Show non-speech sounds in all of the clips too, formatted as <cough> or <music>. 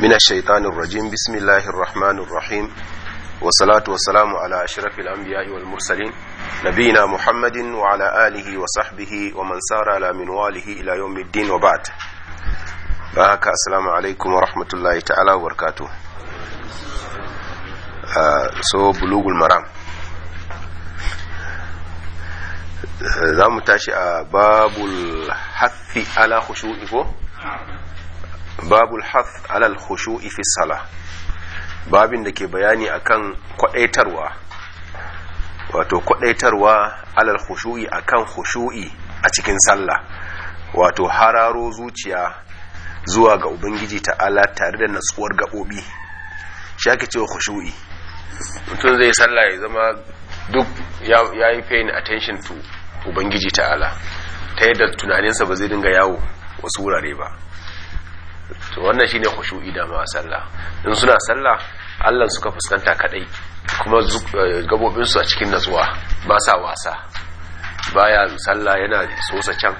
من الشيطان الرجيم بسم الله الرحمن الرحيم والصلاة والسلام على أشرف الأنبياء والمرسلين نبينا محمد وعلى آله وصحبه ومن سار على منواله إلى يوم الدين وبعد بارك السلام عليكم ورحمة الله تعالى وبركاته آه سو بلوغ المرام za mu tashi a babul hafi ala khushu'i ko babu hath alal kushu'i fi salah babin da ke bayani akan kwadaitarwa wato alal kushu'i akan khushu'i a cikin sallah wato hararo zuciya zuwa ga ubangiji ta'ala tare da natsuwar gaɓobi shi ake cewa kushu'i. mutum zai sallah ya zama duk ya yi paying attention to ubangiji ta'ala ta yadda tunaninsa ba zai dinga yawo wasu wurare ba to wannan shine khushu'i da ma sallah in suna sallah Allah suka fuskanta kadai kuma eh, gabobin su a cikin natsuwa ba sa wasa baya sallah yana sosa can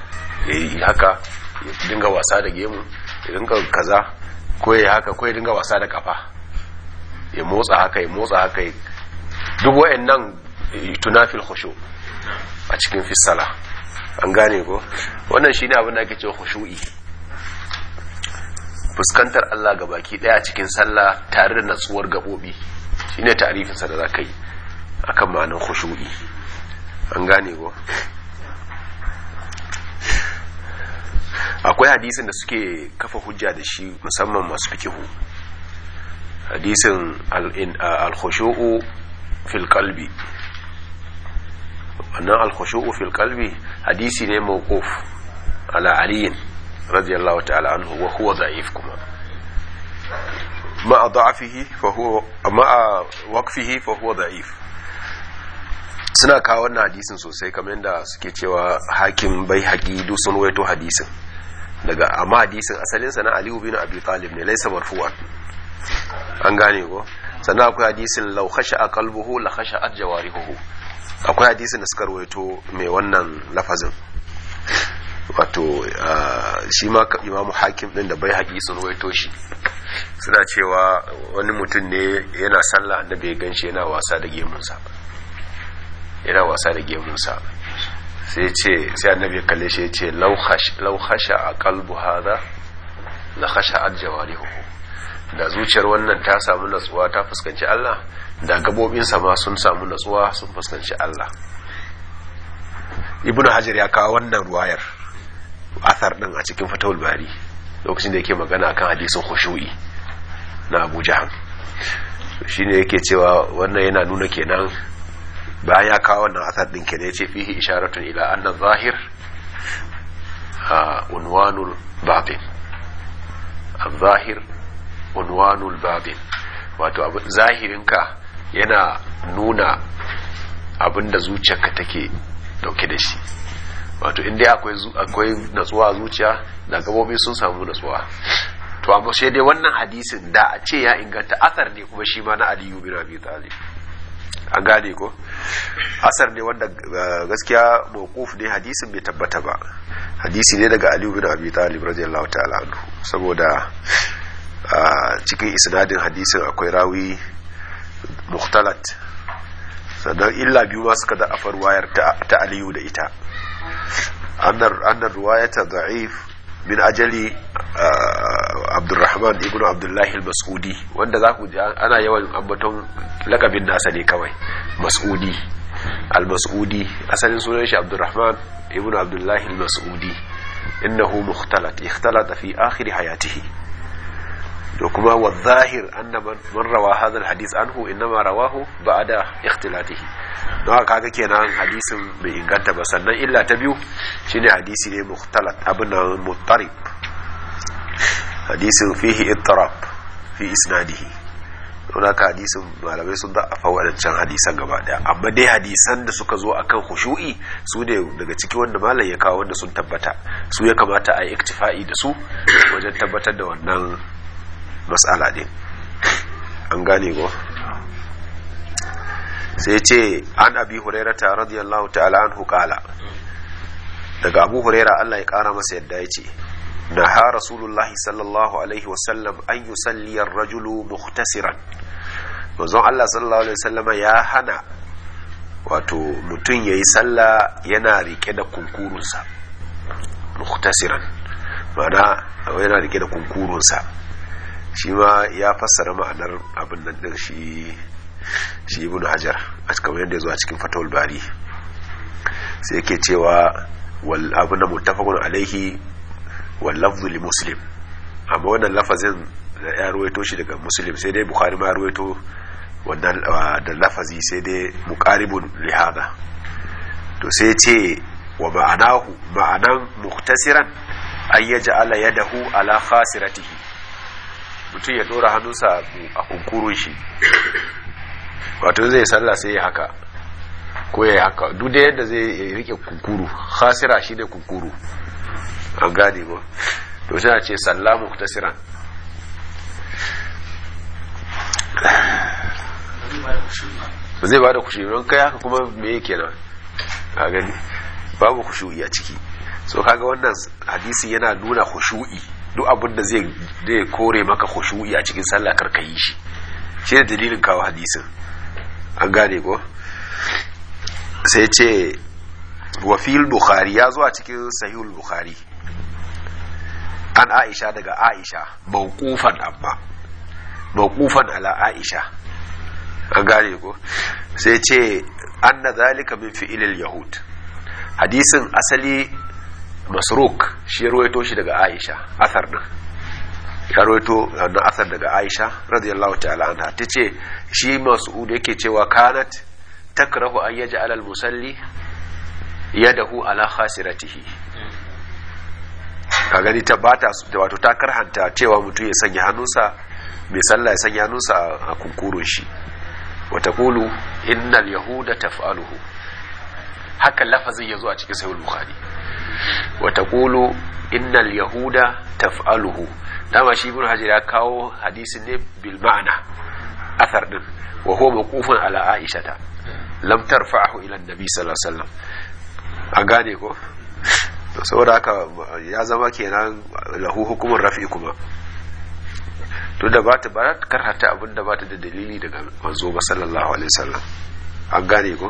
yayi haka ya dinga wasa da gemu ya dinga kaza ko yayi haka ko ya dinga wasa da kafa ya motsa haka ya motsa haka duk wayannan eh, tunafil khushu a cikin sallah an gane ko wannan shine abin da ake cewa khushu'i fuskantar Allah ga baki daya cikin sallah tare da natsuwar gabobi shine ta'rifin sa da ka yi akan ma'anar khushu'i an gane go akwai hadisin da suke kafa hujja da shi musamman masu fikihu hadisin al-khushu'u fil qalbi wannan al-khushu'u fil qalbi hadisi ne mawquf ala aliyin radiyallahu ta'ala anhu wa huwa za'if kuma ma'a da'afihi fa huwa ma'a waqfihi fa huwa suna kawo wannan hadisin sosai kamar yadda suke cewa hakim bai haƙi duk sun waito hadisin daga amma hadisin sa na aliyu bin abi talib ne laysa marfu'an an gane ko sannan akwai hadisin law khasha a la khasha a akwai hadisin da suka rawaito mai wannan lafazin wato ah, shi ma imamu hakim din da bai haƙi sun waito shi suna cewa wani mutum ne yana sallah annabi bai ganshi yana wasa da gemunsa yana wasa da gemunsa sai ce sai annabi ya kalle shi ya ce law a qalbu haza la khasha al jawarihu da zuciyar wannan ta samu natsuwa ta fuskanci Allah da gabobinsa ma sun samu natsuwa sun fuskanci Allah ibnu hajar ya kawo wannan ruwayar athar din a cikin fatawul bari lokacin da yake magana kan hadisin khushu'i na Abu Jahm shine yake cewa wannan yana nuna kenan bayan ya kawo wannan athar din kenan yace fihi isharatun ila anna zahir unwanul babin. zahir unwanul babin wato zahirinka yana nuna abinda zuciyarka take dauke da shi wato inda akwai akwai natsuwa zuciya da gabobi sun samu natsuwa to amma sai dai wannan hadisin da a ce ya inganta asar ne kuma shi ma na aliyu bin abi talib an gane ko asar ne wanda eh, gaskiya mawquf ne hadisin bai tabbata ba hadisi ne daga aliyu bin abi talib radiyallahu ta'ala anhu saboda eh, cikin isnadin hadisin akwai rawi Muktalat. sannan illa biyu ma suka da afar wayar ta aliyu da ita أن الرواية ضعيف من أجل عبد الرحمن ابن عبد الله المسعودي وأن ذاك أنا يوم أمتهم لك بالناس لي كوي مسعودي المسعودي أسأل سنة عبد الرحمن ابن عبد الله المسعودي إنه مختلط اختلط في آخر حياته da kuma wa zahir anna man rawa hadha alhadith anhu inma rawahu ba'da ikhtilatihi don haka kaga kenan hadisin bai inganta ba sannan illa ta biyu shine hadisi ne mukhtalat abin muttarib hadisin fihi ittirab fi isnadihi don haka hadisin malamai sun da afa waɗancan hadisan gaba daya amma dai hadisan da suka zo akan khushu'i su ne daga ciki wanda malam ya kawo wanda sun tabbata su ya kamata a yi iktifa'i da su wajen tabbatar da wannan matsala ɗin, an gane go sai ce an abi hurairata radiyallahu ta'ala an hukala. daga abu Hurera Allah ya kara masa yadda ya ce na ha rasulullahi sallallahu alaihi wasallam an yi salliyar rajulu muhtasiran manzon Allah sallallahu alaihi wasallam ya hana wato mutum ya yi sallah yana rike da kunkurunsa muhtasiran mana yana rike da kunkurunsa shi ma ya fassara ma'anar abin nan din shi shi ibn hajar a cikin yadda ya zo a cikin fatawul bari sai yake cewa wal abin da muttafaqun alaihi wal lafzu li muslim amma wannan lafazin da ya ruwaito shi daga muslim sai dai bukhari ma ruwaito wannan da lafazi sai dai muqaribun li hada to sai ce wa ma'anahu ma'anan muhtasiran ayyaja ala yadahu ala khasiratihi mutum ya dora hannunsa a hunkurun shi wato zai sallah sai ya haka ko ya haka duk da yadda zai rike kunkuru hasira shi ne kunkuru an gane ba to tana ce sallah muktasiran ba zai ba da kushe don kai haka kuma me yake nan a gani babu kushu'i a ciki so kaga wannan hadisi yana nuna kushu'i duk abin da zai kore maka khushu'i a cikin sallah karka ka yi shi shi ne dalilin kawo hadisin an gane ko sai ce wa fil bukhari ya zo a cikin sahihul bukhari an aisha daga aisha mawqufan amma mawqufan ala aisha an gane ko sai ce anna zalika min al yahud hadisin asali masruk shi ruwaito shi daga aisha asar din ya ruwaito wannan asar daga aisha radiyallahu ta'ala anha tace shi mas'ud yake cewa kanat takrahu an yaj'ala al-musalli yadahu ala khasiratihi ka gani ta bata wato ta karhanta cewa mutum ya sanya hannunsa mai sallah ya sanya hannunsa a kunkurun shi wata kulu innal yahuda taf'aluhu haka lafazin ya zo a cikin sahihul bukhari wa taqulu innal yahuda taf'aluhu dama shi ibn hajar ya kawo hadisin ne bil ma'ana athar din wa huwa maqufun ala aisha ta lam tarfa'ahu ila annabi sallallahu alaihi wasallam an gane ko saboda haka ya zama kenan lahu hukumun rafi kuma to da ba ta ba ta karhata abin da ba ta da dalili daga manzo ba sallallahu alaihi wasallam an gane ko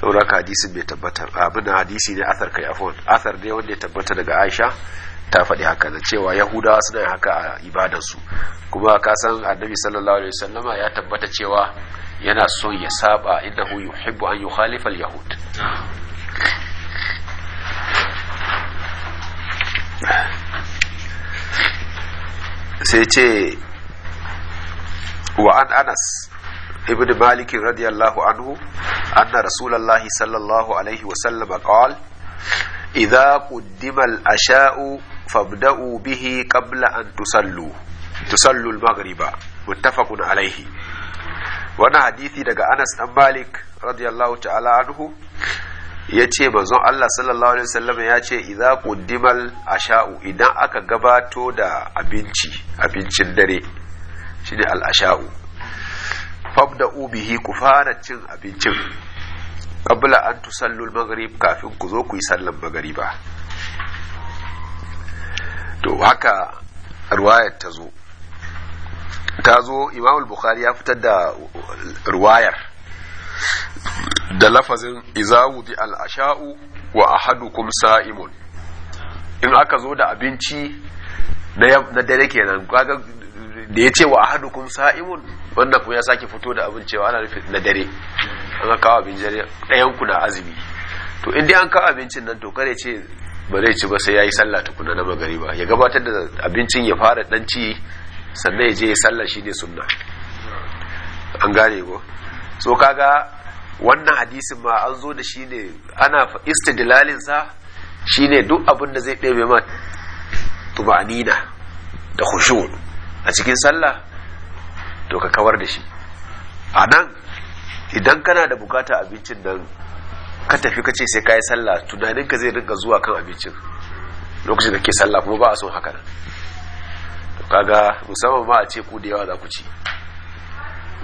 saboda ka hadisin bai tabbata abin hadisi ne asar kai afon asar ne wanda ya tabbata daga aisha ta faɗi haka da cewa yahudawa suna yin haka a su kuma ka san annabi sallallahu alaihi wasallama ya tabbata cewa yana so ya saba hu yuhibbu an yukhalifa al-yahud sai ce wa an anas ابن مالك رضي الله عنه أن رسول الله صلى الله عليه وسلم قال إذا قدم الأشاء فابدأوا به قبل أن تصلوا تصلوا المغرب متفق عليه وانا حديثي daga Anas dan Malik radiyallahu ta'ala anhu yace manzon Allah sallallahu alaihi wasallam yace idza quddimal asha'u idan aka gabato da abinci abincin dare shine al asha'u fabda'u bihi ku fara cin abincin qabla an tusallu al-maghrib kafin ku zo ku yi sallar magriba to haka ruwayar ta zo ta zo imam bukhari ya fitar da ruwayar da lafazin Izawudi wudi al-asha'u wa ahadukum sa'imun in aka zo da abinci na dare kenan kaga da ya ce wa ahadukum sa'imun wanda kuma ya sake fito da abin cewa ana rufe na dare an kawo abin dare ɗayan ku na azumi to in dai an kawo abincin nan to kare ce ba zai ci ba sai ya yi sallah tukuna na ba. ya gabatar da abincin ya fara dan ci sannan ya je ya sallah shine sunna an gane ko so kaga wannan hadisin ma an zo da shi ne ana istidlalin sa shine duk abin da zai ɗebe ma tubanina da khushu a cikin sallah to ka kawar da shi a nan idan kana da bukata abincin nan ka tafi ka ce sai ka yi sallah tunaninka zai rinka zuwa kan abincin lokacin da ke sallah kuma ba a son haka to kaga musamman ma a ce ku da yawa za ku ci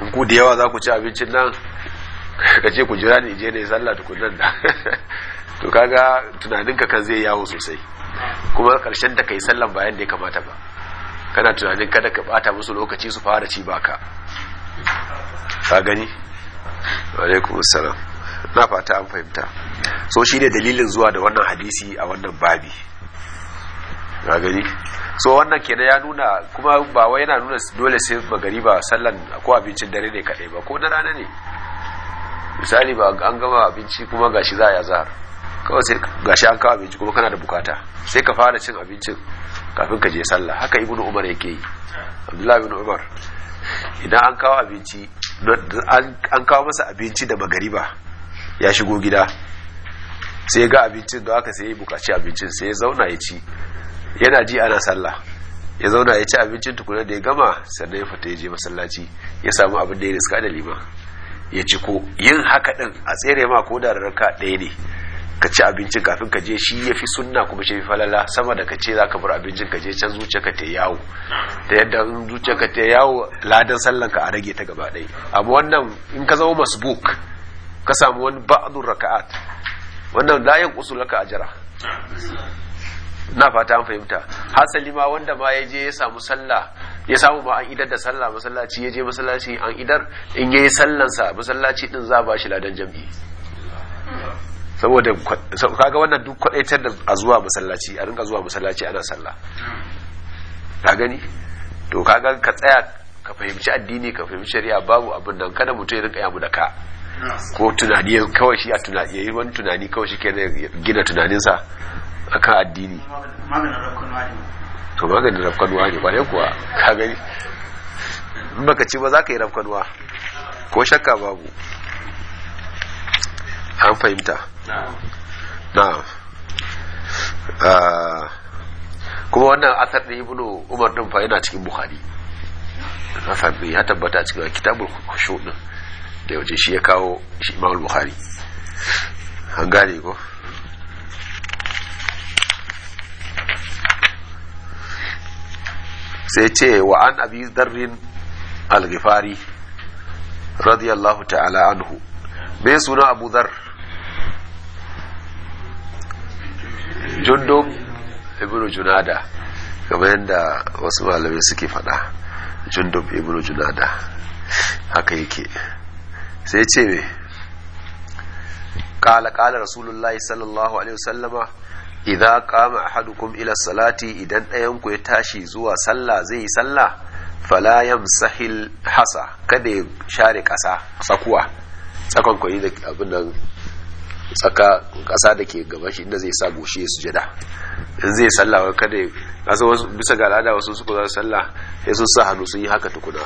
in ku da yawa za ku ci abincin nan ka ce ku jira ni je ne sallah tukunan da <laughs> to kaga tunaninka kan zai yawo sosai kuma karshen ka yi sallan bayan da ya kamata ba kana tunanin kada ka bata musu lokaci su fara ci baka ka gani alaikum assalam na fata an fahimta so shine dalilin zuwa da wannan hadisi a wannan babi ka gani so wannan kenan ya nuna kuma ba wai yana nuna dole sai magari ba sallan ko abincin dare ne kadai ba ko na rana ne misali ba an gama abinci kuma gashi za a yi azahar. kawai sai gashi an kawo abinci kuma kana da bukata sai ka fara cin abincin kafin ka je sallah haka ibn umar yake yi abdullahi ibn umar idan an kawo abinci an kawo masa abinci da magariba ya shigo gida sai ga abincin da aka sai bukaci abincin sai ya zauna ya ci yana ji ana sallah ya zauna ya ci abincin tukuna da ya gama sannan ya fita ya je masallaci ya samu abin da ya riska da lima ya ci ko yin haka din a tsere ma ko da rarraka ɗaya ne ka ci abincin kafin ka je shi ya fi sunna kuma shi falala sama da ka ce za ka bar abincin ka je can ka ta yawo ta yadda in ka ta yawo ladan sallan ka a rage ta gaba ɗaya abu wannan in ka zama masbuk ka samu wani ba'adun raka'at wannan layan usul a jira na fata an fahimta hasali ma wanda ma ya je ya samu sallah ya samu ma an idar da sallah masallaci ya je masallaci an idar in yayi sallansa masallaci din za ba shi ladan jam'i saboda kaga wannan duk kwadaitar da a zuwa masallaci a rinka zuwa masallaci ana sallah ka gani to kaga ka tsaya ka fahimci addini ka fahimci shari'a babu abin nan kada mutum ya rinka yamu da ka ko tunani kawai shi a tunani yayi wani tunani kawai shi kenan gina tunaninsa kan addini to maganin rafkanuwa ne ba kuwa ka gani in baka ci ba za ka yi rafkanuwa ko shakka babu an fahimta na ah, kuma wannan asar da ibnu umar din fa yana cikin bukhari asar da ya tabbata cikin kitabul khushu din da yaje shi ya kawo shi imam bukhari an gane ko sai ce wa an abi darrin al-ghifari radiyallahu ta'ala anhu bai suna abu dhar jundub ibnu junada kamar yadda wasu malamai suke faɗa jundub ibnu junada haka yake sai ce me kala kala rasulullahi sallallahu alaihi wasallama idza qama ahadukum ila salati idan ɗayan ku ya tashi zuwa sallah zai yi sallah fala yamsahil hasa kada ya share ƙasa tsakuwa tsakon koyi da abin nan tsaka ƙasa da ke gaba shi inda zai sa goshi ya sujada in zai salla wa kada kasa wasu bisa ga al'ada wasu su za su salla ya sun sa hannu sun yi haka tukuna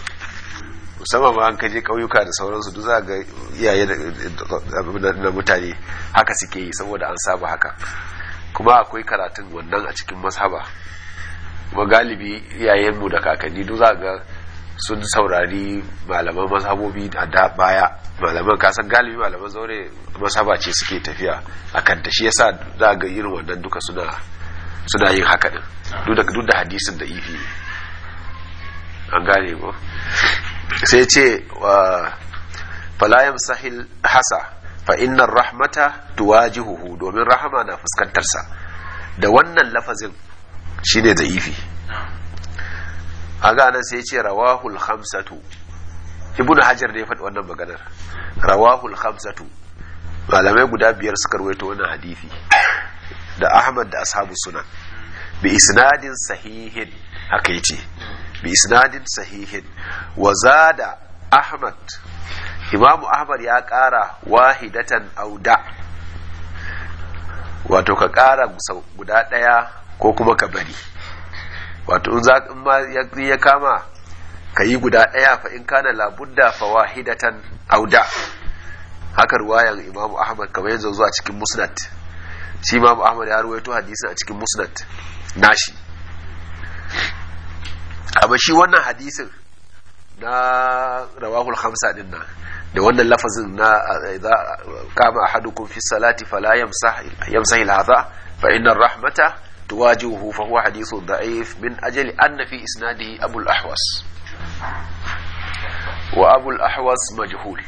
musamman ma an kaje ƙauyuka da sauransu duk za ga iyaye da mutane haka suke yi saboda an saba haka kuma akwai karatun wannan a cikin mashaba kuma galibi iyayenmu da kakanni duk za ga sun saurari malaman mazhabobi a da baya malaman kasan galibi malaman zaure masaba ce suke tafiya a kanta shi yasa za ga irin wannan duka suna suna yin haka din duk da hadisin da ifi an gane ko sai ce falayam sahil hasa fa innar rahmata tuwajihuhu domin rahama na fuskantarsa da wannan lafazin shine da ifi kaga nan sai ya ce rawahul khamsatu ibnu hajar ne ya faɗi wannan maganar rawahul khamsatu malamai guda biyar suka rawaito wannan hadisi da ahmad da ashabu sunan bi isnadin sahihin haka yace bi isnadin sahihin wa zada ahmad imamu ahmad ya kara wahidatan auda wato ka kara guda ɗaya ko kuma ka bari wato in za ma ya kama ka yi guda ɗaya fa in kana labudda fa wahidatan auda haka ruwayan imamu ahmad kamar yanzu zuwa cikin musnad shi imamu ahmad ya ruwaito hadisin a cikin musnad nashi amma shi wannan hadisin na rawahul hamsa din nan da wannan lafazin na idza kama ahadukum fi salati fala yamsah yamsah al-hadha fa inna rahmata تواجهه فهو حديث ضعيف من أجل أن في إسناده أبو الأحوص وأبو الأحوص مجهول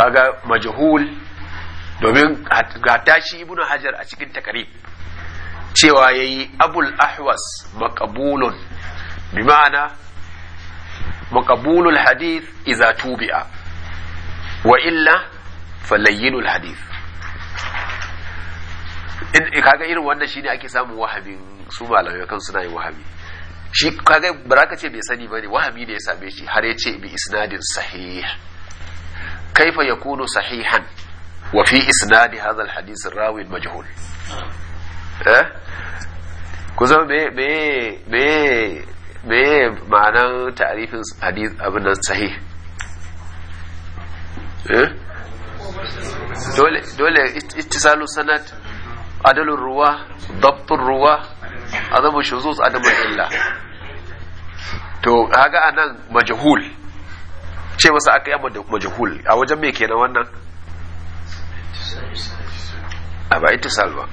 أجا مجهول domin gata shi ibnu hajar a cikin takarib cewa yayi abul ahwas maqbulun bi ma'ana maqbulul hadith iza tubi'a wa illa falayyinul hadith in kaga irin wannan shine ake samun wahamin su malamai kan suna yin wahami shi kaga baraka ce bai sani bane wahami ne ya same shi har ya ce bi isnadin sahih kaifa yakunu sahihan wa fi isnadi hadha alhadith rawi majhul eh ku zama me me me me ma'anan ta'rifin hadith abin nan sahih eh dole dole ittisalu sanad adalun ruwa dabtun ruwa azabu shuzuz adamu illa to haga anan majhul ce masa aka yi majhul a wajen me kenan wannan a ba ittisal ba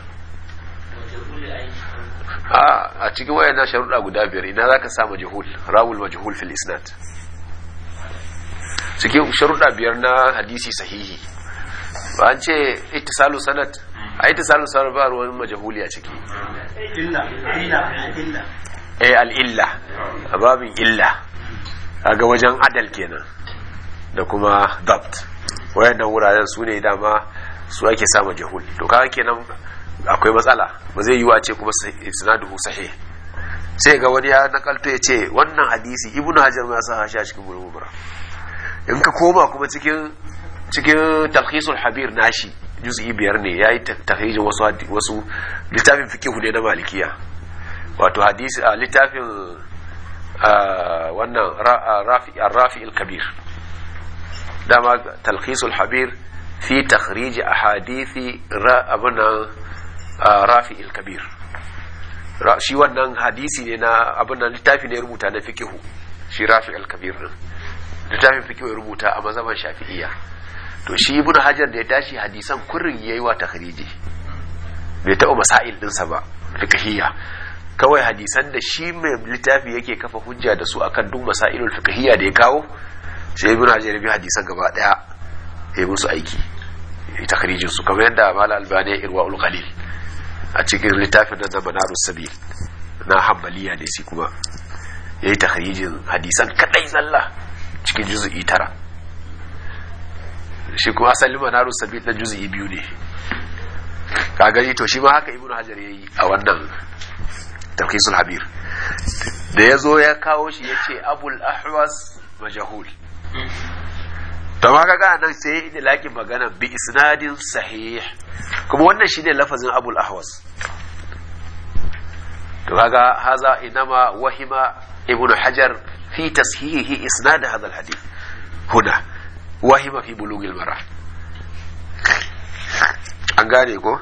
a cikin wayannan sharuɗa guda biyar ina zaka sa majhul rawul majhul fil isnad cikin sharuɗa biyar na hadisi sahihi ba an ce ittisalu sanad ai ta salu salu ba ruwan majahuliya a ciki eh al'illa a babin illa a ga wajen adal kenan da kuma dabt nan wuraren su ne dama su ake sa majahul to kawai kenan akwai matsala ba zai yiwu a ce kuma sinaduhu sahe. sai ga wani ya nakalto ya ce wannan hadisi ibnu hajar ma ya sa shi cikin bulubura in ka koma kuma cikin cikin tafhisul habir nashi juz'i biyar ne ya yi tafhijin wasu wasu littafin fikihu ne na malikiya wato hadisi a littafin wannan rafi kabir dama talhisul habir fi takhrij ahadithi abunan rafi kabir shi wannan hadisi ne na abunan littafi ne rubuta na fikihu shi rafi littafin fikihu rubuta a mazaban shafi'iyya to shi ibn hajar da ya tashi hadisan kurrin yayi wa takhriji bai taɓa masail ɗinsa ba fiqhiyya kawai hadisan da shi mai littafi yake kafa hujja da su akan duk masailul fiqhiyya da ya kawo sai ibn hajar ya bi hadisan gaba daya ya musu aiki ya takhrijin su kamar yadda mala albani irwaul qalil a cikin littafin da zamanarus sabil na hambaliya ne shi kuma ya yi taharijin hadisan kadai zalla cikin juzu'i tara shi kuma asalin manaru sabi na juz'i biyu ne ka gani to shi ma haka ibnu hajar yayi a wannan tafkisul habir da ya zo ya kawo shi ya ce abul ahwas majahul to ma kaga nan sai ya yi laƙin magana bi isnadin sahih kuma wannan shine lafazin abul ahwas to kaga haza inama wahima ibnu hajar fi tashihihi isnad hadha alhadith huna wahima fi bulugil mara an gane ko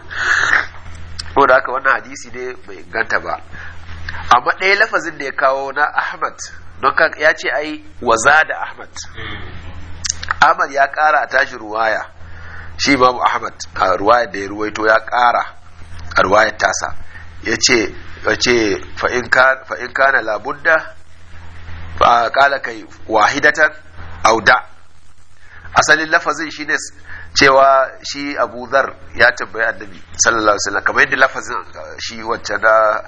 ko da haka wannan hadisi ne mai ganta ba amma ɗaya lafazin da ya kawo na ahmad don ya ce ai waza da ahmad ahmad ya ƙara a tashi ruwaya shi mu ahmad a ruwayar da ya ruwaito ya ƙara a ruwayar tasa ya ce fa'in kana labudda ba ƙala kai wahidatan auda asalin lafazin shi ne cewa shi abu zar ya tambayi annabi sallallahu alaihi wasallam kamar yadda lafazin uh, shi wacce na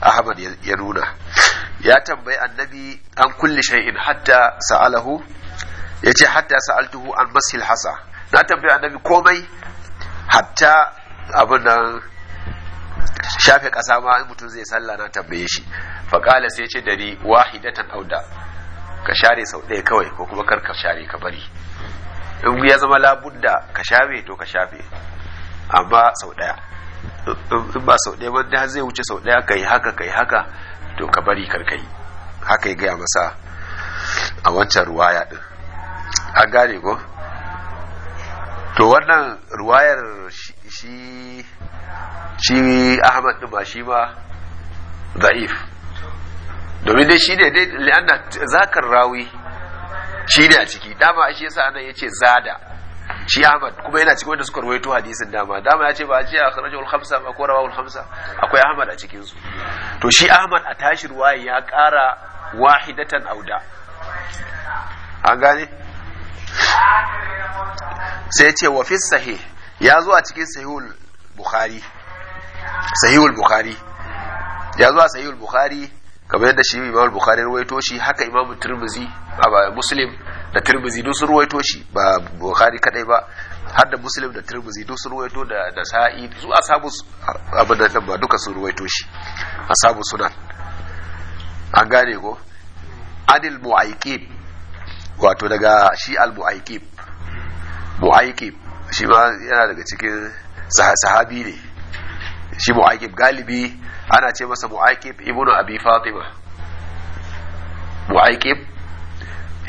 ahmad ya nuna ya tambayi annabi an kulli shay'in hatta sa'alahu yace hatta sa'altuhu an masil hasa na tambayi annabi komai hatta abin nan shafe kasa ma in mutum zai sallah na tambaye shi qala sai yace dari wahidatan auda ka share sau ɗaya kawai ko kuma kar ka share ka bari in ya zama labudda ka shafe to ka shafe amma sau daya in ba sau daya ba zai wuce sau daya kai haka kai haka to ka bari karkai haka ya gaya masa a wancan ruwaya din an gane ko to wannan ruwayar shi shi ahmad din ba shi ba za'if domin dai shi ne dai li'anna zakar rawi shi ne a ciki dama shi yasa anan yace zada shi Ahmad kuma yana cikin wanda suka rawaito hadisin dama dama ya ce ba a ce akhrajul khamsa ba ko rawahul khamsa akwai Ahmad a cikin su to shi Ahmad a tashi ruwaya ya ƙara wahidatan auda an gane sai ya ce wa fi sahih ya zo a cikin sahihul bukhari sahihul bukhari ya zo a sahihul bukhari kamar yadda shi imam bukhari ruwaito shi haka imam turmuzi a muslim da turmuzi duk sun ruwaito shi ba bukhari kadai ba har da muslim da turmuzi duk sun ruwaito da da sa'i su asabu abin da ba duka sun ruwaito shi asabu sunan an gane ko adil mu'aikib wato daga shi al mu'aikib mu'aikib shi ma yana daga cikin sahabi ne shi mu'aikib galibi ana ce masa mu'aikib ibnu abi fatima mu'aikib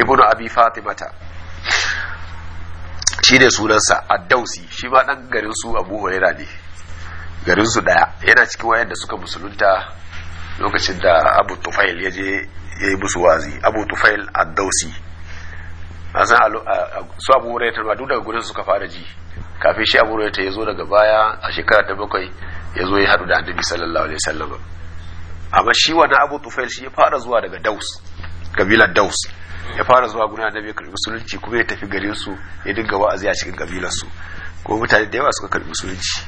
ibnu abi fatimata shi ne sunansa addausi shi ma ɗan garin su abu huraira ne garin su ɗaya yana cikin wayar da suka musulunta lokacin da abu tufail ya je ya yi musu wazi abu tufail addausi a san su abu huraira duk daga gurin suka fara ji kafin shi abu huraira ya zo daga baya a shekara ta bakwai ya zo ya haɗu da annabi sallallahu alaihi wasallam amma shi wani abu tufail shi ya fara zuwa daga daus kabilar daus ya fara zuwa guna annabi ya karbi musulunci kuma ya tafi garin su ya dinga wa'azi a cikin kabilar su ko mutane da yawa suka karbi musulunci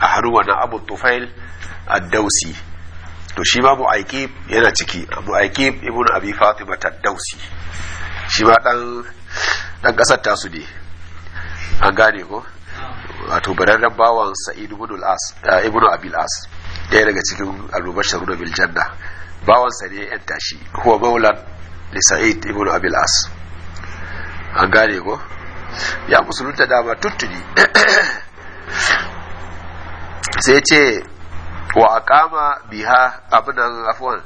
a haru wani abu tufail a dausi to shi ma aiki yana ciki aiki ibn abi fatima ta dausi shi ma dan dan kasar tasu ne an gane ko wato bararren bawan sa'id ibn eh, abil as ɗaya daga cikin almubasharu da biljanna bawansa ne yan tashi huwa maulan li sa'id ibn abil as an gane ko ya musulunta dama tuttuni <clears throat> sai ce wa aqama biha abdan afwan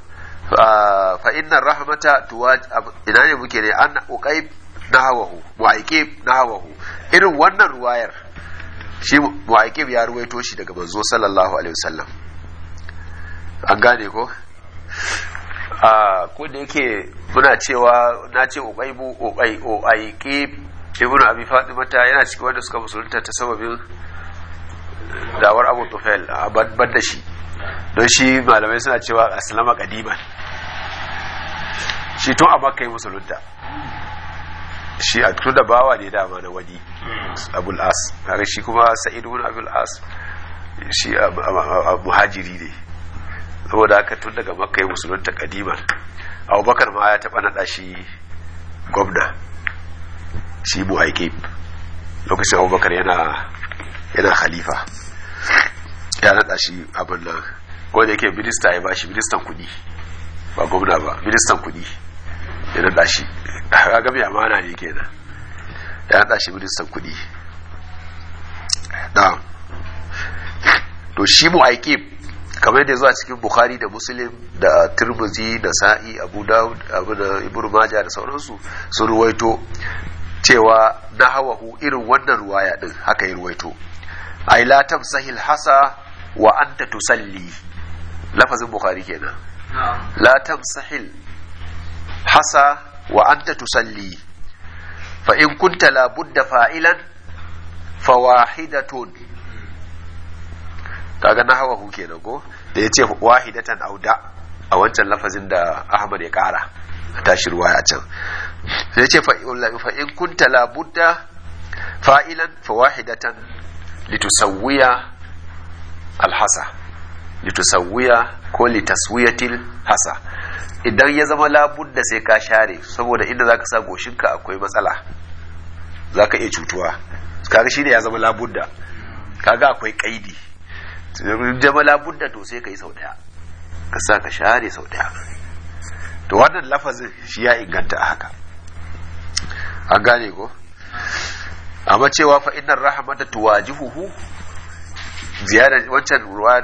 fa inna rahmata tuwaj ina ne muke ne an uqayb nahawahu wa iqib nahawahu irin wannan ruwayar shi mu'aqib ya ruwaito shi daga manzo sallallahu alaihi wasallam an gane ko a ko da yake muna cewa na ce uqaibu o uqaiqib ibnu abi fatimata yana cikin wanda suka musulunta ta sababin dawar abu tufail a babban da shi don shi malamai suna cewa aslama kadiman shi tun a makka musulunta shi a tuda bawa ne dama na wani abul as kaga shi kuma sa'idu na abul as shi muhajiri ne saboda haka tun daga makka ya musulunta kadimar abubakar ma ya taɓa naɗa shi gwamna shi aiki. lokacin abubakar yana yana khalifa ya naɗa shi abin nan wanda yake minista ya shi ministan kuɗi ba gwamna ba ministan kuɗi ya naɗa shi ga gami amana ne kenan ya haɗa shi ministan kuɗi to shi mu aiki kamar yadda zuwa cikin bukhari da musulun da turmuzi da sa'i abu abu da maja da sauransu sun ruwaito cewa na hawahu irin wannan ruwaya din haka yi ruwaito ai la sahil hasa wa anta tusalli lafazin bukhari kenan la sahil hasa wa anta tusalli fa in kunta labudda fa'ilan fawahidatun kaga na hawa ku kenan ko da yace wahidatan auda a wancan lafazin da Ahmad ya kara a tashi ruwaya can sai yace fa in kunta budda fa'ilan fa wahidatan litusawwiya alhasa litusawwiya ko litaswiyatil hasa idan ya zama da sai ka share saboda inda za ka sa goshinka akwai matsala za ka iya cutuwa kaga shi ne ya zama da kaga akwai kaidi zama da to sai ka yi sau daya ka sa ka share sau daya to wannan lafazin shi ya inganta a haka an gane ko amma cewa fa innar tuwaji tuwajihuhu ziyarar wancan ruwa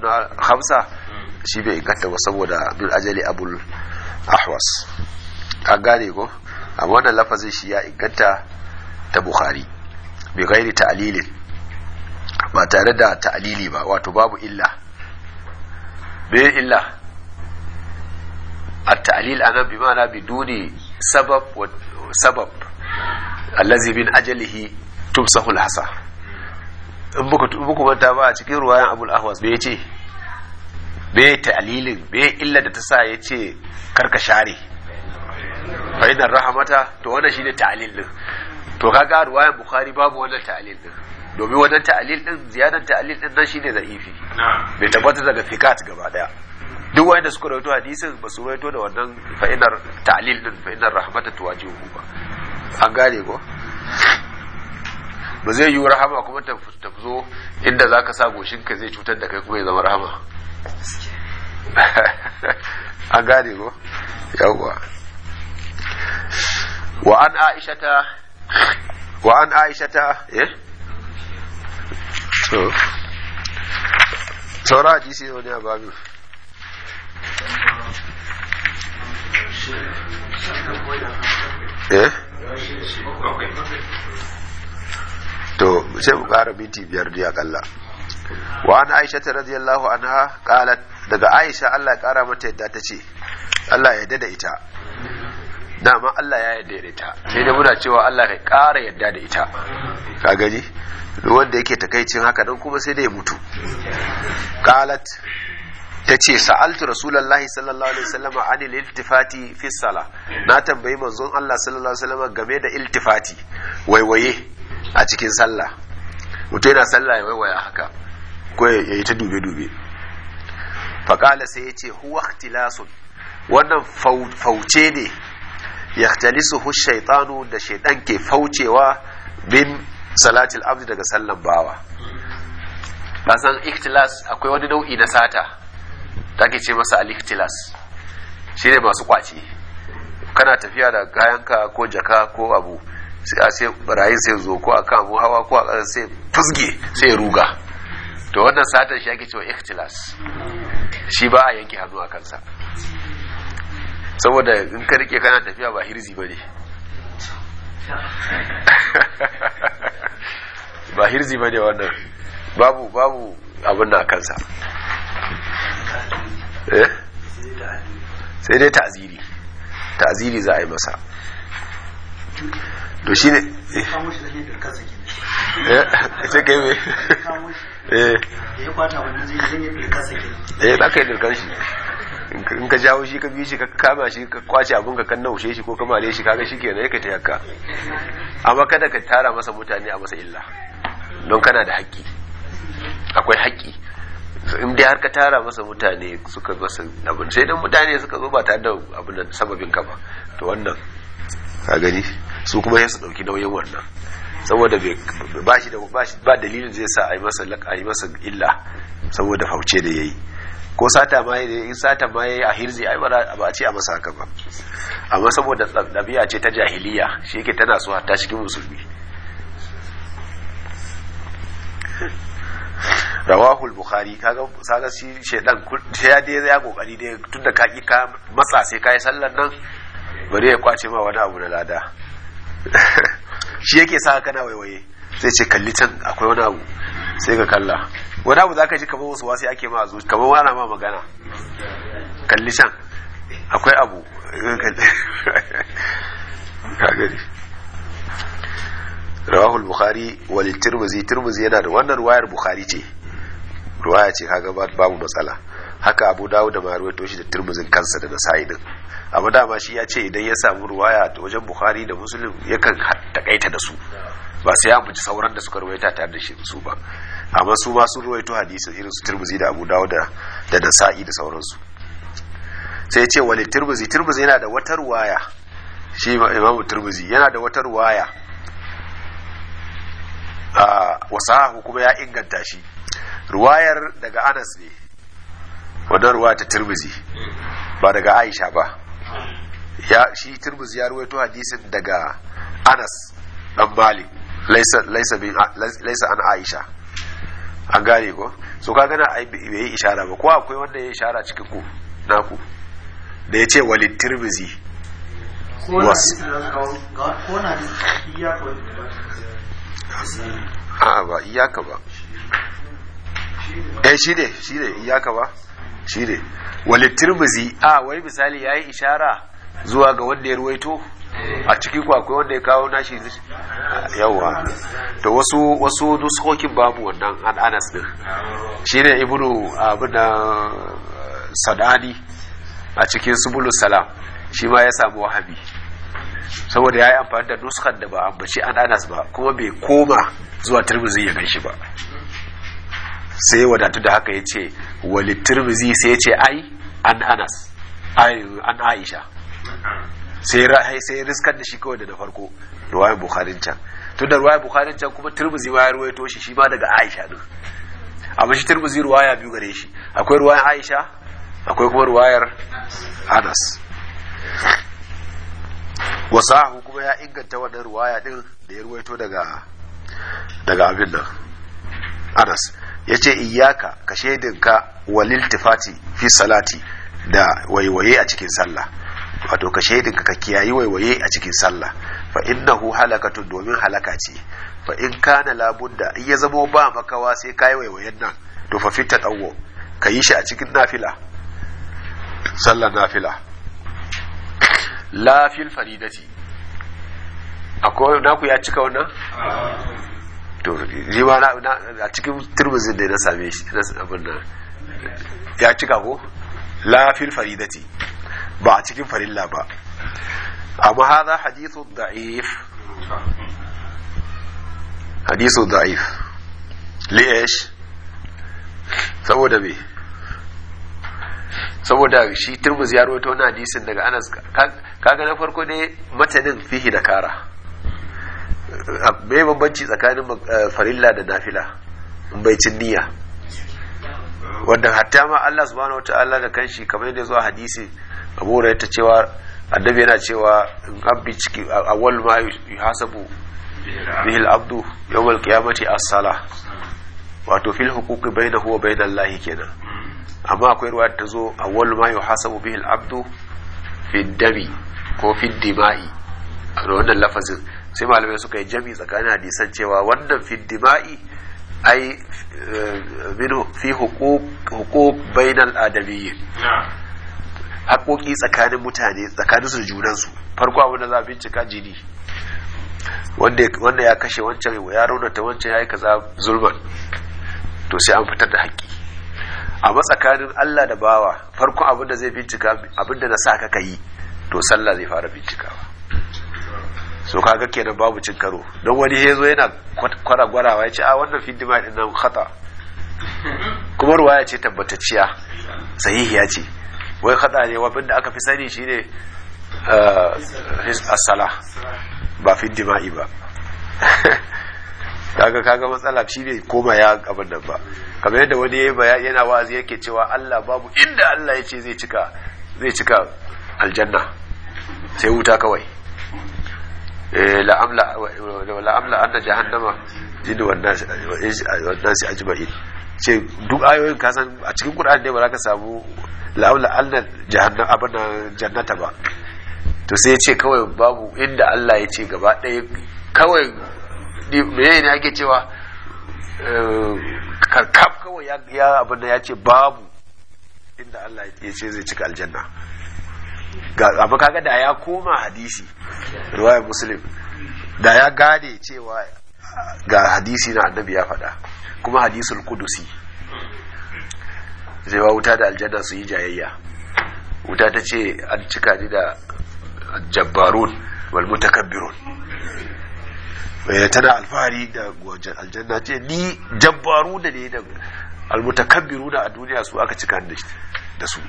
na hamsa mm. shi bai inganta ba saboda bin ajali abul ahwas an gane ko amma wannan lafazin shi ya inganta ta bukhari bi gairi ta'alilin? ba tare da ta'alili ba wato babu illa me illa a ta'alil anan bi bi duni sabab sabab allazi min ajalihi tumsahul hasa in buku banta ba a cikin ruwayan abul ahwas bai ce bai ta'lilin bai illa da ta sa ya ce karka share fa'idan rahamata to wannan shine ta'lil din to kaga ruwayan bukhari babu wannan ta'lil din domin wannan ta'lil din ziyadan ta'lil din nan shine za'ifi bai tabbata daga fikat gaba daya duk wanda suka rawaito hadisin ba su rawaito da wannan fa'inar ta'lil din fa'inar rahamata tuwajihu ba an gane ko ba zai yi rahama kuma ta zo inda za ka sa goshinka zai cutar da kai kuma ya zama rahama <laughs> an gane ko yawwa wa an aishata wa an aishata ya eh? so saura ji sai wani abami eh sai mu ƙara minti biyar ne akalla wa an aisha ta radiyallahu anha qalat daga aisha Allah ya ƙara mata yadda ta ce Allah ya da ita dama Allah ya yadda da ita sai dai muna cewa Allah ya ƙara yadda da ita ka gani wanda yake takaicin haka don kuma sai dai ya mutu qalat ta ce sa'altu rasulullahi sallallahu alaihi wasallam an iltifati fi sala na tambayi manzon Allah sallallahu alaihi wasallam game da iltifati waiwaye a cikin sallah mutum yana sallah ya waiwaya haka ko ya yi ta dube-dube faƙala sai ya ce huwa ikhtilasun wannan fauce ne ya hu shaitanu da shaitan ke faucewa bin salatil abdi daga sallan bawa kasan ikhtilas akwai wani nau'i na sata da ake ce masa al-ikhtilas shine masu kwace kana tafiya da kayanka ko jaka ko abu sai a sai barayin sai zo ko a kan abu hawa ko a ƙasa sai fusge sai ruga to wannan satar shi ake cewa ikhtilas shi ba a yanke hannu a kansa saboda in ka rike kana tafiya ba hirzi ba ne <laughs> ba hirzi bane wannan babu babu abin na kansa eh? sai dai ta'ziri ta'ziri za a yi masa to shi ne ce ka yi eh, mai eh. eh za ka yi dirkan shi in ka jawo shi ka bi shi ka kama shi ka kwace abin ka kan naushe shi ko ka male shi kaga shi ne ka ta yakka amma kada ka tara masa mutane a masa illa don kana da haƙƙi akwai haƙƙi in dai har ka tara masa mutane suka masa abin sai dan mutane suka zo ba tare da abin da sababin ka ba to wannan ka gani su kuma ya su dauki nauyin wannan saboda ba shi da ba dalilin zai sa a yi masa illa saboda fauce da yayi ko sata ma yayi in sata ma yayi a hirzi ayi ba a ce a masa haka ba amma saboda dabi'a ce ta jahiliya shi yake tana so hatta cikin musulmi rawahu al-bukhari kaga kaga shi shedan ya dai ya kokari dai tunda ka ki ka matsa sai kai sallar nan bari ya kwace ma wani abu da lada shi yake sa kana waiwaye sai ce kalli can akwai wani abu sai ka kalla wani abu za ka ji kamar wasu wasu ake ma zuci kamar wani ma magana kalli can akwai abu rawahul bukhari walil tirmizi tirmizi yana da wannan wayar bukhari ce ruwaya ce kaga babu matsala haka abu dawud da ma rawaito shi da tirmizin kansa da nasa'i din abu da ba shi ya ce idan ya samu ruwaya ta wajen bukhari da ya yakan takaita da su ba sai ya buci sauran da suka ruwaita tare da shi su ba amma su ba sun ruwaito hadisi irin su turbuzi da abu dawo da da sa'i da sauransu sai ce wani turbuzi turbuzi yana da wata ruwaya shi imam turbuzi yana da wata ruwaya a wasahu kuma ya inganta shi ruwayar daga anas ne wadda ruwa ta turbuzi ba daga aisha ba ya shi turmus ya ruwaito hadisin daga anas dan malik laisa an aisha an gane ko so kaga na bai yi ishara ba ko akwai wanda ya ishara cikin ku naku da ya ce walid turbuzi was a ba iyaka ba eh shi ne shi ne iyaka ba shi ne tirmizi a wai misali ya yi ishara zuwa ga wanda ya ruwaito a ciki kwakwai wanda ya kawo nashi yawa da wasu wasu nuskokin babu wannan an anas din ne ibnu abin sadani a cikin subulu salam shi ma ya samu wahabi saboda ya yi amfani da nuskan da ba ambaci an anas ba kuma bai koma zuwa turbizi ya shi ba sai wadatu da haka ya ce wali sai ce ai an anas an aisha sai sai riskar da shi kawai da na farko ruwayar bukharin can tun da bukharin can kuma turmuzi ma ya ruwaito shi shi ma daga aisha din amma shi turmuzi ruwaya biyu gare shi akwai ruwayar aisha akwai kuma ruwayar anas wasahu kuma ya inganta wannan ruwaya din da ya ruwaito daga daga abin nan anas ya ce iyaka ka shaidinka walil tifati fi salati da waiwaye a cikin sallah wato ka shaidinka ka kiyayi waiwaye a cikin sallah fa innahu halakatun domin halaka ce fa in kana labudda in ya zamo ba makawa sai ka yi waiwayen nan to fa fitta dawo ka yi shi a cikin nafila sallar nafila la fil faridati akwai naku ya cika wannan to ji ma a cikin turmusin da na same shi na abin nan ya cika ko lafil faridati ba a cikin farilla ba amma hadha hadithu da'if hadithu da'if li'ash saboda me saboda shi turmus ya rawaito wani hadisin daga anas kaga na farko ne matanin fihi da kara me bambanci tsakanin eh, farilla da nafila in bai cin niyya wanda hatta ma Allah subhanahu wataala da kanshi kamar yadda zuwa hadisi Abu Hurairah ta cewa annabi yana cewa in abbi ciki awwal ma yuhasabu bihil abdu yawmal qiyamati as-salah wato fil huquqi bainahu wa Allah kenan amma akwai ruwa ta zo awwal ma yuhasabu bihil abdu fi dabi ko fi dima'i a wannan lafazin sai malamai suka yi jami tsakanin hadisan cewa wannan fi dima'i ai eh, fi hukuk bainal adamiyyin haƙoƙi tsakanin mutane tsakanin su junansu farko abin da za a bincika jini wanda ya kashe wancan ya raunata wancan ya yi kaza zulman to sai an fitar da haƙƙi amma tsakanin Allah da bawa farko abin da zai bincika abin da na sa ka yi to sallah zai fara bincikawa so kaga kenan babu cin karo don wani ya zo yana kwara gwarawa ya ce a ah, wannan fidima din nan khata kuma ya ce tabbatacciya sahihiya ce wai khata ne wabin da aka fi sani shine eh, asala sala ba fidima'i ba <laughs> kaga kaga matsala shi ne koma ya abin nan ba kamar yadda wani yayi baya yana wa'azi yake cewa Allah babu inda Allah ya ce zai cika aljanna sai wuta kawai Eh, la'amla an da jahannama jini wannan shi ajma'in ce duk ayoyin kasan a cikin kur'an ne ba za ka samu la'amla an da jahannama abin da jannata ba to sai ce kawai babu inda Allah ya ce gaba ɗaya kawai meye ne ake cewa eh, karkab kawai ya abin da ya ce babu inda Allah ya ce zai cika aljanna ga abu kaga da ya koma hadisi riwayar muslim da ya gane cewa ga hadisi na annabi ya faɗa kuma hadisul kudusi zai wa wuta da aljanna su yi jayayya wuta ta ce an cika ni da jabbarun wal mutakabbirun eh, tana alfahari da aljanna ce ni jabbaru da ne da almutakabbiru da a duniya su aka cika da su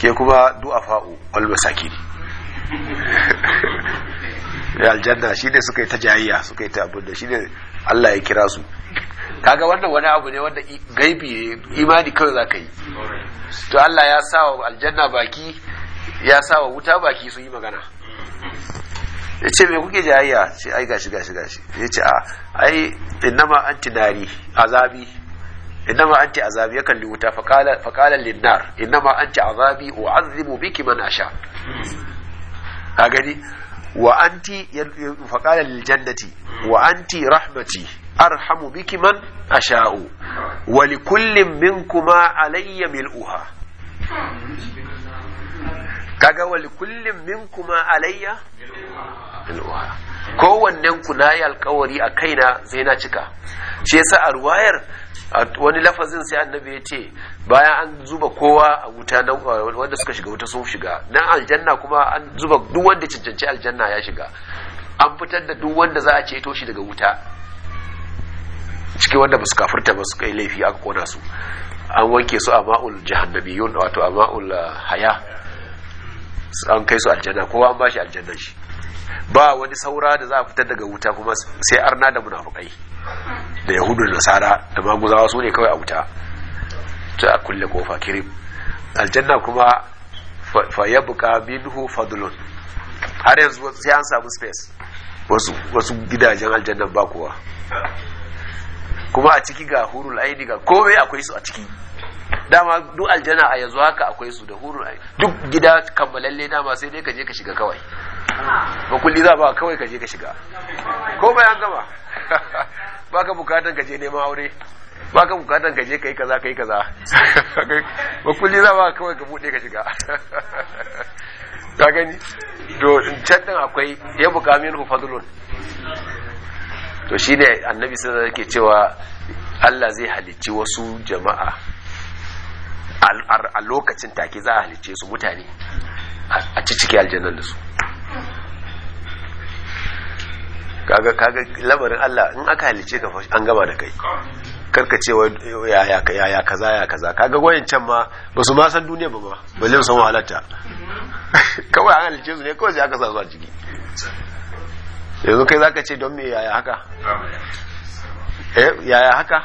ke kuma du'afa'u wal masakin ya aljanna shi ne suka yi ta jayayya suka yi ta abin da shi ne Allah ya kira su kaga wannan wani abu ne wanda gaibi ne imani kawai za ka yi to Allah ya sa wa aljanna baki ya sa wa wuta baki su yi magana ya ce me kuke jayayya ce ai gashi gashi gashi ya ce a ai innama antinari azabi innama anti azabi ya kalli wuta fa qala lin nar innama anti azabi u'azzibu biki man asha ka gani wa anti fa qala lil jannati wa anti rahmati arhamu man alayya kaga wa kullum min kuma alayya mil'uha kowannen ku yi alkawari a kaina sai na cika shi yasa a ruwayar a wani lafazin sai annabi ya ce bayan an zuba kowa a wuta wanda suka shiga wuta sun shiga nan aljanna kuma an zuba duk wanda cancanci aljanna ya shiga an fitar da duk wanda za a ceto shi daga wuta cikin wanda ba su kafirta ba su kai laifi aka kona su an wanke su a ma'ul jahannamiyun wato a ma'ul ah, haya an kai su aljanna kowa an bashi aljannan shi ba wani saura da za a fitar daga wuta kuma sai arna da munafukai da yahudu da nasara da maguzawa su ne kawai a wuta ta kulle kofa kirim aljanna kuma fa ya buka minhu fadlun har yanzu sai an samu space wasu wasu gidajen aljanna ba kuwa? kuma a ciki ga hurul aini ga komai akwai su a ciki dama duk aljanna a yanzu haka akwai su da hurul aini duk gida kammalalle dama sai dai ka je ka shiga kawai ba kulli za ba kawai ka je ka shiga ko bayan gama <laughs> ba ka bukatan ka je neman aure ba ka bukatan ka je ka yi kaza ka yi kaza <laughs> ba kulli za ba kawai ka bude ka shiga <laughs> ka gani to can din akwai ya bukamin hu fadlun to shine annabi da yake cewa Allah zai halicci wasu jama'a a lokacin take za a halicce su mutane a ciki aljannan da su kaga kaga labarin Allah in aka halice ka an gama da kai karka ce yaya yaya kaza ya kaza kaga wayan can ma ba su ma san duniya ba ma ba zai san wahalarta <laughs> kawai an halice su ne kawai sai aka sa su a ciki yanzu kai zaka ce don me yaya haka eh yaya haka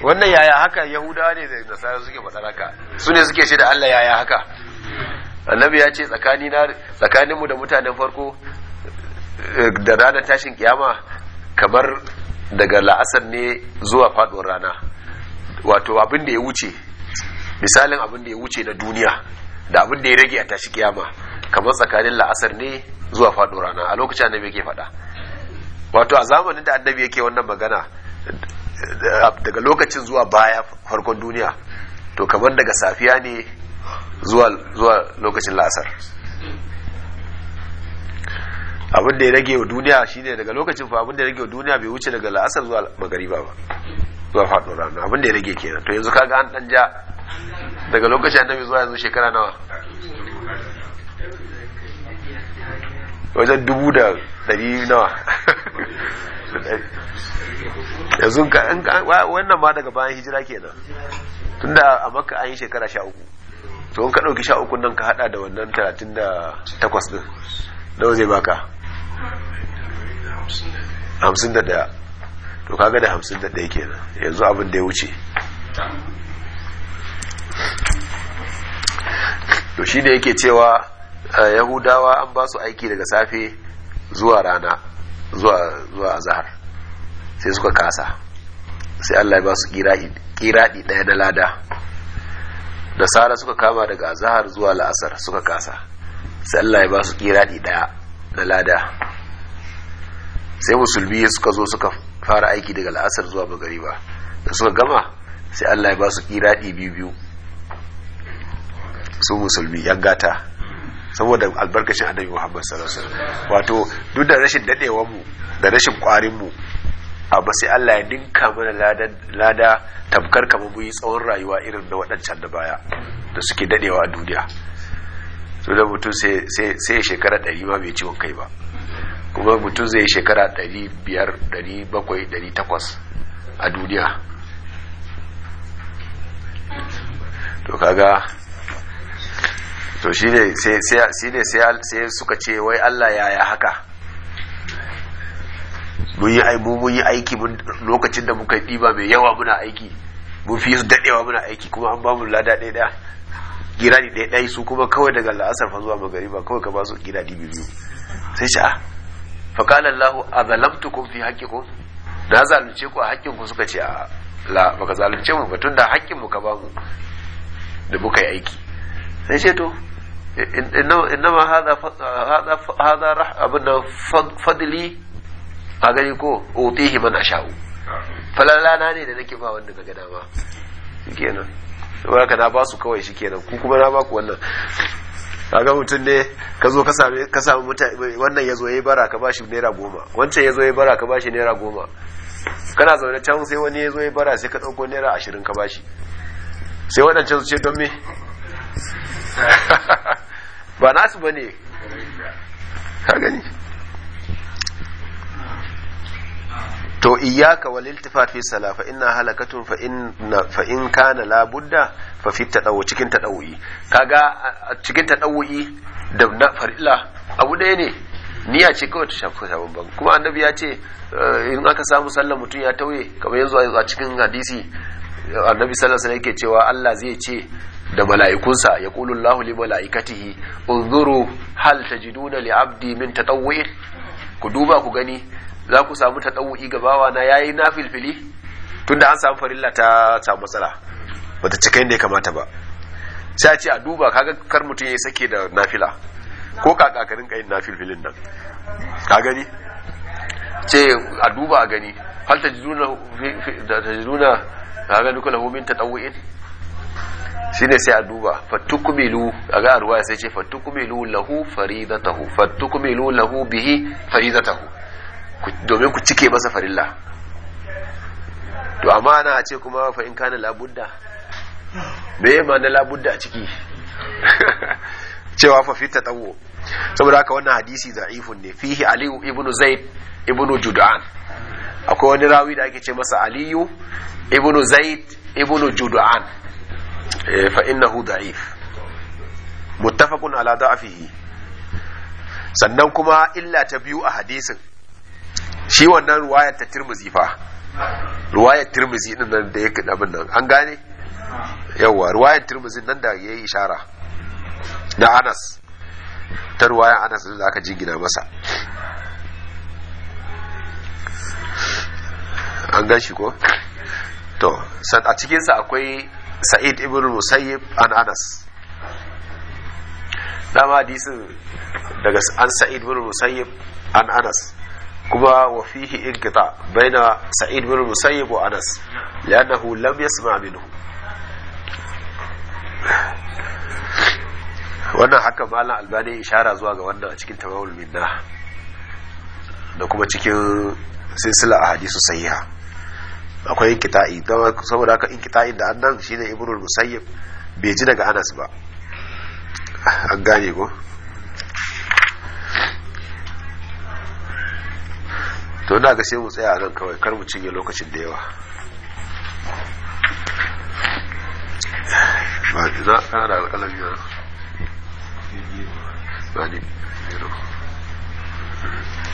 wannan yaya haka yahudawa ne da nasara suke faɗar haka su ne suke shi da Allah yaya haka annabi ya ce tsakaninmu da mutanen farko da ranar tashin kiyama kamar daga la'asar ne zuwa faduwar rana wato abin da ya wuce misalin abin da ya wuce na duniya da abin da ya rage a tashi kiyama kamar tsakanin la'asar ne zuwa faduwar rana a lokacin annabi yake faɗa wato a zamanin da annabi yake wannan magana daga lokacin zuwa baya farkon duniya to kamar daga safiya ne zuwa lokacin la'asar abin da ya rage wa duniya shine daga lokacin fa abin da ya rage wa duniya bai wuce daga la'asar zuwa magariba ba zuwa faɗin rana abin da ya rage kenan to yanzu kaga an ɗan ja daga lokacin annabi zuwa yanzu shekara nawa wajen dubu da ɗari nawa <laughs> yanzu wannan ma daga bayan hijira kenan da a makka an yi shekara sha uku to in ka ɗauki sha uku nan ka haɗa da wannan talatin da takwas ɗin nawa zai baka hamsin da daya to kaga da hamsin da daya kenan yanzu abin da ya wuce to shi da yake cewa eh, yahudawa an ba su aiki daga safe zuwa rana zuwa azahar sai suka kasa sai allah ya ba su kiradi daya na lada da Sara suka kama daga azahar zuwa la'asar suka kasa sai allah ya ba su kiradi daya na lada sai musulmi suka zo suka fara aiki daga la'asar zuwa ba da suka gama sai allah ya ba su kiradi biyu biyu su musulmi yan gata saboda albarkashin annabi muhammad sallallahu alaihi wasallam wato duk da rashin dadewar mu da rashin kwarin mu abu sai Allah ya dinka mana lada tamkar kamar mu yi tsawon rayuwa irin da waɗancan da baya da suke dadewa a duniya su da mutum sai shekara ɗari ma mai ciwon kai ba kuma mutum zai shekara ɗari biyar ɗari bakwai ɗari takwas a duniya to kaga to shi ne sai suka ce wai allah yaya haka mun yi aiki lokacin da muka yi ɗiba mai yawa muna aiki mun fi su daɗewa muna aiki kuma an ba mu lada ɗaya giradi ɗaya ɗaya su kuma kawai daga la'asar fa zuwa magariba kawai ka ba su giradi biyu sai ce ah fa qala Allahu azalamtukum fi haqqikum na zalunce ku a haƙƙin ku suka ce a ah, la baka zalunce mu ba tunda haƙƙin mu ka ba mu da muka yi aiki sai ce to innama hadha hadha hadha abuna fadli a gani ko otihi man asha'u falalana na ne da nake ba wanda ga dama kenan saboda ka na ba su kawai shi kenan ku kuma na ba ku wannan kaga mutum ne ka zo ka samu mutane wannan ya zo ya bara ka bashi naira goma wancan ya zo ya bara ka bashi naira goma kana zaune can sai wani ya zo ya bara sai ka ɗauko naira ashirin ka bashi sai waɗancan su ce don me <laughs> ba nasu ba ne ka gani to iyyaka wal iltifat fi sala fa inna halakatun fa in fa in kana la budda fa fi tadawu cikin tadawu'i kaga cikin tadawu'i da na farilla abu ɗaya ne niyya ce kawai ta shafi sabon ban kuma annabi ya ce eh, in aka samu sallar mutum ya tauye kamar yanzu a cikin hadisi annabi sallallahu alaihi yake cewa Allah zai ce da mala'ikunsa ya qulu Allahu li mala'ikatihi unzuru hal tajiduna li abdi min tatawwi ku duba ku gani za ku samu ta ɗau'i ga bawa na yayi na filfili da an samu farilla ta samu matsala bata cika yadda ya kamata ba sai a ce a duba kaga kar mutum ya yi sake da nafila ko ka kakakarin kayin filfilin nan ka gani ce a duba a gani hal ta jiduna ka gani kula homin ta ɗau'in shi ne sai a duba fattukumilu a ga ruwa sai ce fattukumilu lahu faridatahu fattukumilu lahu bihi faridatahu domin ku cike masa farilla to amma ana ce kuma fa in kana labudda me ma na labudda a ciki <laughs> cewa fa fita tawo saboda haka wannan hadisi za'ifun ne fihi aliyu ibnu zaid ibnu judan akwai wani rawi da ake ce masa aliyu ibnu zaid ibnu judan eh, fa innahu da'if muttafaqun ala da'fihi sannan kuma illa ta biyu a hadisin shi wannan ruwayar ta turmuzi fa ruwayar turmuzi din nan da ya kada bin nan an gane yawa ruwayar turmuzi nan da yayi ishara na Anas ta ruwayar Anas da aka gina masa an gan shi ko to a cikinsa akwai sa'id ibn musayyib an anas dama hadisin daga an sa'id ibn musayyib an anas kuma wa fihi inqita baina sa'id bin musayyib wa anas li'annahu lam yasma minhu wannan haka malam albani ishara zuwa ga wannan a cikin tamamul minna da kuma cikin silsila a hadisu sahiha akwai inkita'i saboda haka inkita'in da annan shi ne ibnul musayyib bai ji daga anas ba an gane ko to na ga sai mu tsaya nan kawai kar mu cinye lokacin da yawa ba za a da